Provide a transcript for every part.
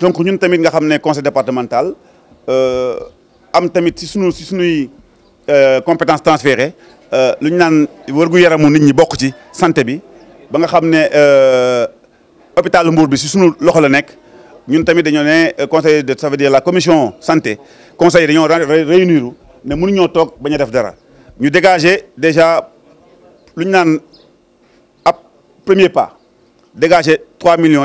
donc nous avons nga conseil départemental Nous avons si sunu compétence transférée Nous santé Nous euh, avons euh, conseil de la commission santé conseil réunir Nous nous de def dégager déjà le premier pas dégager 3 millions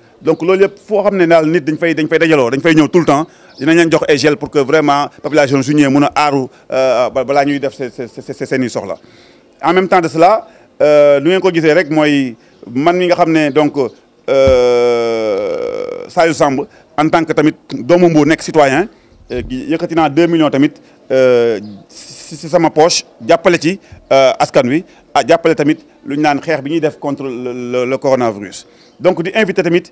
donc you faut que les gens nit dañ tout le temps gel pour que vraiment population a en même temps de cela euh, euh, en tant que tamit citoyen 2 euh, millions tamit poche jappalé ci askan wi ah, tamit contre le coronavirus donc di tamit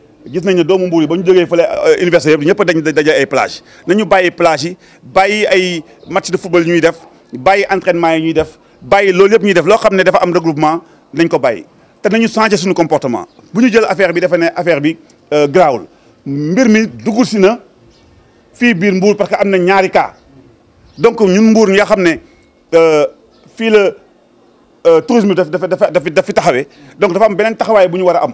gis nañ ne doomu Mbuur yi ba ñu jógee fële euh, université yëpp ñëpp dañ daje ay plage nañu bàyyi plage yi bàyyi ay match de football ñuy def bàyyi entraînement yi ñuy def bàyyi loolu yëpp ñuy def loo xam ne dafa am regroupement nañ ko bàyyi te nañu changé suñu comportement bu ñu jël affaire bi dafa ne affaire bi euh, garaawul mbir mi dugul si na fii biir Mbuur parce que am na ñaari cas donc ñun Mbuur nga xam ne euh, fii la tourisme daf dafa dafa dafi taxawee donc dafa am beneen taxawaay bu ñu war a am